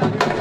Thank you.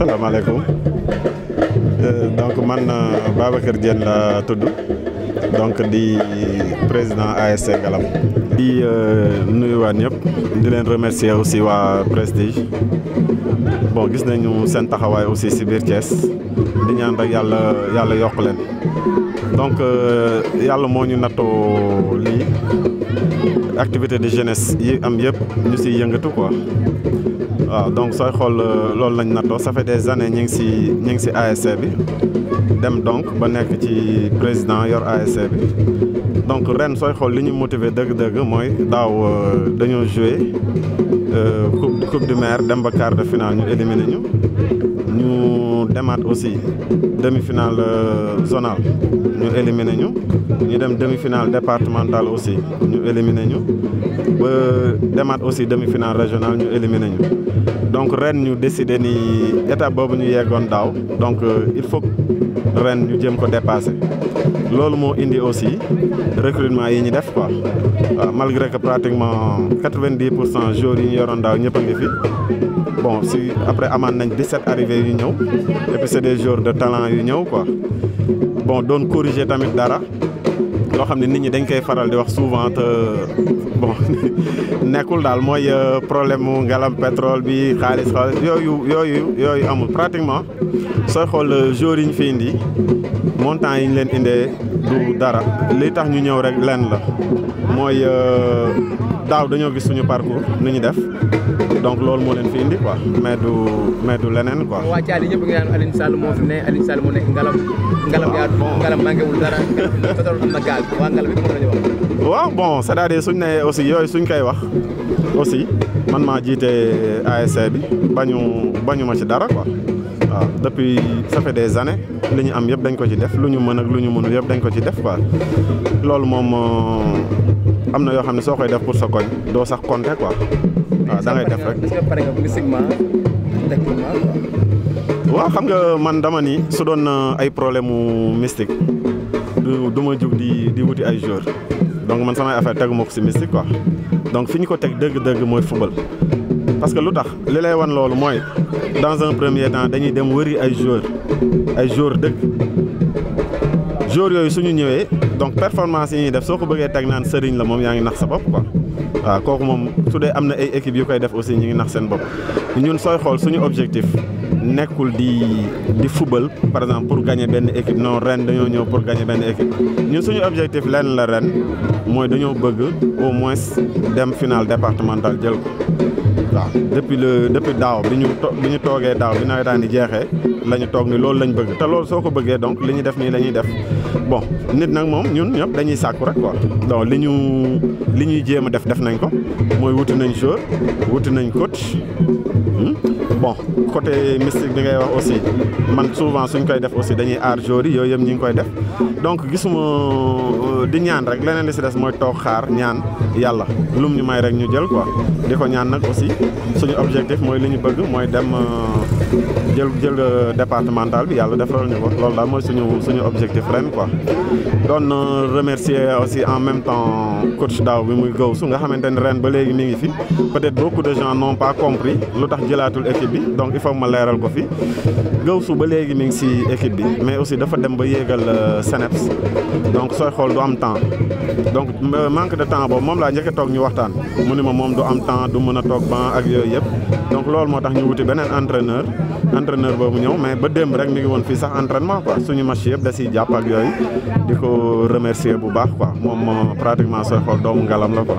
asalaamaaleykum euh, donc man euh, Babacar Diène la tudd donc di président ASC Ngalam di euh, nuyuwaat ñëpp di leen remercier aussi waa Prestige bon gis nañu seen taxawaay aussi si biir Thiès di ñaan rek yàlla yàlla yokk leen donc yàlla moo ñu nattoo lii activité de jeunesse yi am yep ñu ci yëngatu quoi waaw donc soy xol euh, loolu lañ natto ça fait des années ñu ci si ci ASC bi dem donc ba nekk ci président yor ASC bi donc ren soy xol li ñu motiver deug dëgg mooy daaw euh, dañoo joué euh, coupe coupe du maire dem ba quart de finale ñu éliminé ñu ñu nous aussi demi-finale euh, zonale nous éliminons nous ñu demi-finale départementale aussi nous éliminons nous ba aussi demi-finale régionale nous éliminé ñu donc ren ñu décidé ni étape bobu ñu donc euh, il faut ren ñu jëm ko dépasser loolu mo indi aussi recrutement yi ñi def quoi malgré que pratiquement 90% jour yi ñu yoroon ngi fi bon si après amane nañ 17 sept arrivés yu ñëw et puis c'est des joueurs de talent yu ñëw quoi bon donne corriger tamit dara lo xamni nit ñi dañ koy faral di wax souvent te bon nekul dal moy euh, problème ngalam pétrole bi xaalis xol yooyu yooyu yooyu amul pratiquement sooy xool euh, jour yi ñu fi indi montant yi ñu leen indee du dara li tax ñu ñëw rek leen la mooy euh, daaw dañoo gis suñu parcours nu ñu def donc loolu moo leen fi indi quoi mais du leneen quoi. waa Thial ñëpp nga naan Alioune Sall moo fi ne Alioune moo nekk ngalam. ngalam yaa ngalam manqué wul dara pétrole am na gaz waa ngalam it wax. bon c'est-à-dire suñ ne aussi yooyu suñ koy wax aussi man maa jiite ASC bi bañu bañu ma ci dara quoi. waaw depuis ça fait des années li ñu am yëpp dañ ko ci def lu ñu mën ak lu ñu mënul yëpp dañ ko ci def quoi loolu moom euh, am na yoo xam ne soo koy def pour sa koñ doo sax compter quoi waaw da ngay def rek. waaw xam nga man dama ni su doon euh, ay problème mystique du du ma jug di di wuti ay joueurs donc man sama affaire tegu ma ko si mystique quoi donc fi ñu ko teg dëgg-dëgg mooy football parce que lu tax li lay wan dans un premier temps dañuy dem wëri ay joueurs ay joueurs Les joueurs yooyu suñu ñëwee donc performance yi def soko beugé bëggee teg naan la mom yaa nax sa bop quoi waaw kooku moom su dee ay équipe yu koy def aussi ñi ngi nax sen bop ñun soy xol suñu objectif nekkul di di football par exemple pour gagner ben équipe non ren dañu ñëw pour gagner ben équipe ñun suñu objectif lén la ren moy dañu bëgg au moins dem final départemental jël ko waaw depuis le depuis daw bi ñu bi ñu toogee daaw bi nawetaan di jeexee la ñu toog ni loolu lañ bëgg té loolu soko bëggé donc liñu def ni lañuy def bon nit nak mom ñun ñëpp dañuy sàkku rek wa donc li ñu li ñuy jéem a def def nañ ko mooy wuti nañ joueur wuti nañ coach hmm? bon côté mystique bi ngay wax aussi man souvent suñ koy def aussi dañuy aar jori yoyem ñing koy def donc gisuma euh, di ñaan rek leneen li ci des moy tok xaar ñaan yalla lum ñu may rek ñu jël quoi diko ñaan nak aussi suñu objectif moy li ñu bëgg moy dem euh, jël jël euh, départemental bi yalla defaral ñu ko loolu da moy suñu suñu objectif ren quoi don remercier aussi en même temps coach daw bi muy su nga xamanteni ne ren ba légui mi ngi fi peut-être beaucoup de gens n'ont pas compris lu tax jëlaatul équipe bi donc il faut ma leral ko fi Gawsu ba légui mi ngi si équipe bi mais aussi dafa dem ba yégal euh, Seneps donc soy xol du am temps donc euh, manque de temps boobu mom la njëkk tok ñu waxtaan mu ni ma moom du am temps du mëna tok ban ak yoy yëpp donc lool motax ñu wuti benen entraîneur entraîneur boobu ñëw mais ba dem rek mi ngi won fi sax entraînement quoi suñu match yëpp da ci japp ak yoy diko remercier bu baax quoi mom pratiquement soy xol doomu ngalam la quoi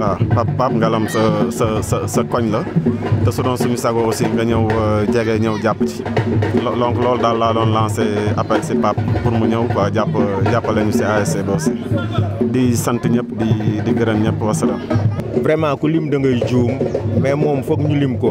waaw ah, pap pap ngalam sa sa sa sa koñ la te su doon suñu sago aussi nga ñëw euh, jege ñëw jàpp ci donc loolu daal laa doon lancé appel si pap pour mu ñëw quoi jàpp jàppale ñu si ASC si di sant ñëpp di di gërëm ñëpp wasalaam. vraiment ku lim da ngay juum mais moom foog ñu lim ko.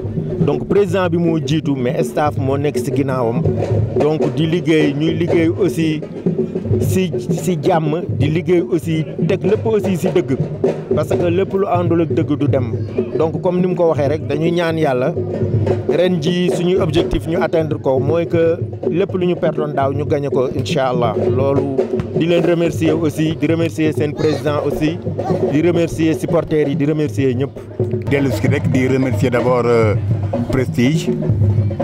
donc président bi mo tout, mais staff mon nek ci donc di nous ñuy aussi si ci di aussi tek lepp aussi parce que le lu du donc comme nous ko waxe rek dañuy ñaan objectif ñu atteindre ko moy que lepp lu ñu Nous daw ñu gagner ko remercier aussi di remercier président aussi di remercier supporters yi remercier ñep rek remercier d'abord euh, prestige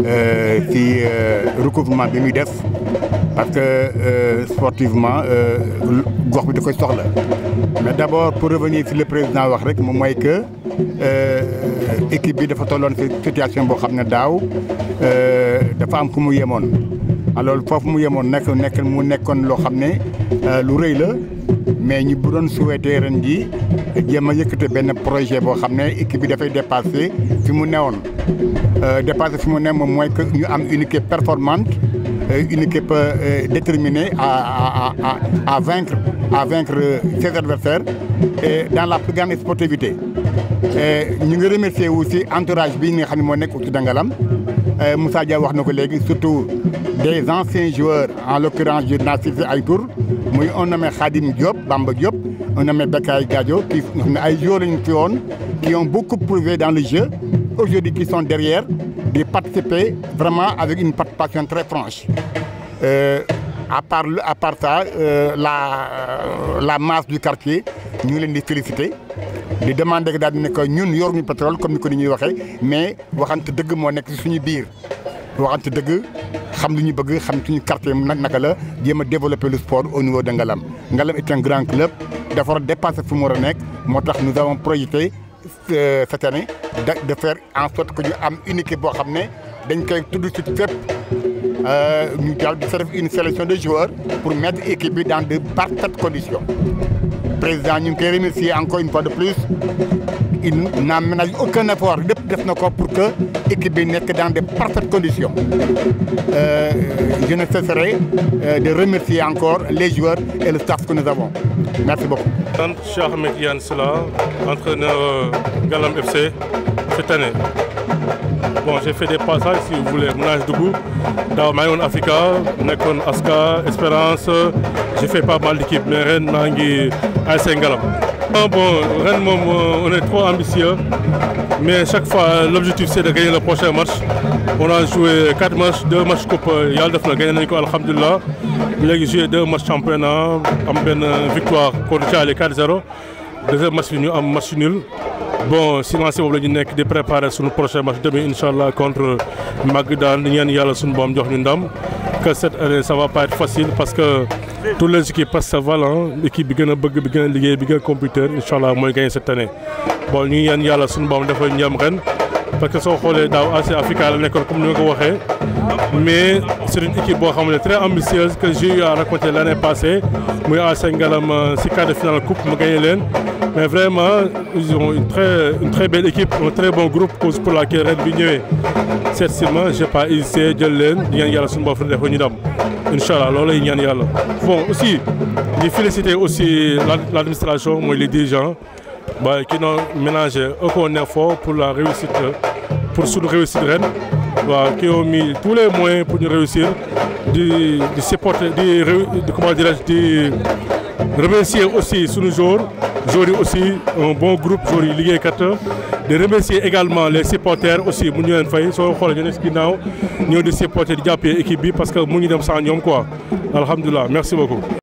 euh, ci euh, recouvrement bi muy def parce que euh, sportivement gox bi da koy soxla mais d' abord pour revenir si le président wax rek moom mooy que équipe bi dafa tolloon si situation boo xam ne daaw dafa am fu mu yemoon alors foofu mu yemoon nekk nekk mu nekkoon loo xam ne lu rëy la mais nous bu souhaiter souhaité ren jii jéem a projet boo xam ne équipe bi dafay dépassé fi mu ce euh, Dépasser fi mu ne moom mooy que ñu am une équipe performante euh, une équipe euh, déterminée à à à vaincre à vaincre ses adversaires et dans la plus grande sportivité ñu ngi remercier aussi entourage bi nga xam ne moo Dangalam euh, Moussa Dia wax nos surtout des anciens joueurs en l'occurrence du Nassif al muy Khadim Diop Bamba Diop on Bekay Gadio qui qui ont beaucoup prouvé dans le jeu aujourd'hui qui sont derrière de participer vraiment avec une participation très franche euh, à part ça euh, euh, la masse du quartier nous les félicitons di demandé daal di ne que ñun ñu pétrole comme ni ko ni ñuy waxee mais waxante dëgg moo nekk ci suñu biir waxante dëgg xam lu ñu bëgg xam suñu quartier nag naka la jéem a développer le sport au niveau de Ngalam Ngalam est un grand club dafa dépasser fu mu war a nekk moo tax nous avons projeté euh, cette année de faire en sorte que ñu am une équipe boo xam ne dañ koy tudd ci fépp euh, nous avons une sélection de joueurs pour mettre l'équipe dans de parfaites conditions. Le président, nous remercie remercier encore une fois de plus. Il n'a aucun effort de pour que l'équipe que dans de parfaites conditions. Euh, je ne cesserai euh, de remercier encore les joueurs et le staff que nous avons. Merci beaucoup. Yann Sela, entraîneur Galam FC cette année bon j'ai fait des passages si vous voulez mon Dougou de goût, dans Africa Nekon Aska Espérance j'ai fait pas mal d'équipes mais Rennes, Nangui, ngi ah, bon euh, on est trop ambitieux mais chaque fois l'objectif c'est de gagner le prochain match on a joué 4 matchs deux matchs coupe Yaldef, on a gagné nañu ko Il a joué deux matchs championnat en une victoire contre les 4-0 deuxième match fini match nul bon sinon c'est boobu la ñu nekk di préparer suñu prochain match demain inshallah contre Magadan ñaan yalla suñu boom jox ñu ndam que cette année ça va pas être facile parce que tous les équipes passent sa valant hein. l'équipe bi gëna bëgg bi gëna a liggéey bi gëna a computer inchallah allah gagné cette année bon ñu ñaan yalla suñu boom dafa ñam ren parce que soo xoolee daaw AS Africa la comme ni le ko mais c'est une équipe boo très ambitieuse que j'ai eu à raconter l'année passée muy à Ngalam euh, si cas de finale coupe la gagné leen mais vraiment ils ont une très une très belle équipe un très bon groupe cause pour laquelle ren bi ñëwee seet si j'ai pas hésité jël leen di ñaan yàlla suñu bopp def ko ñu dam incha allah loolu lay ñaan yàlla bon aussi di féliciter aussi l'administration mooy les dirigeants bah, qui ont ménagé aucun effort pour la réussite, pour sous réussite Rennes, bah, qui ont mis tous les moyens pour nous réussir, de, de supporter, de, comment dire, de remercier aussi sous nos jours, aujourd'hui aussi un bon groupe, aujourd'hui Ligue 4, de remercier également les supporters aussi, nous avons fait, nous avons fait, nous avons supporter de l'équipe parce que nous avons fait quoi. Alhamdulillah, merci beaucoup.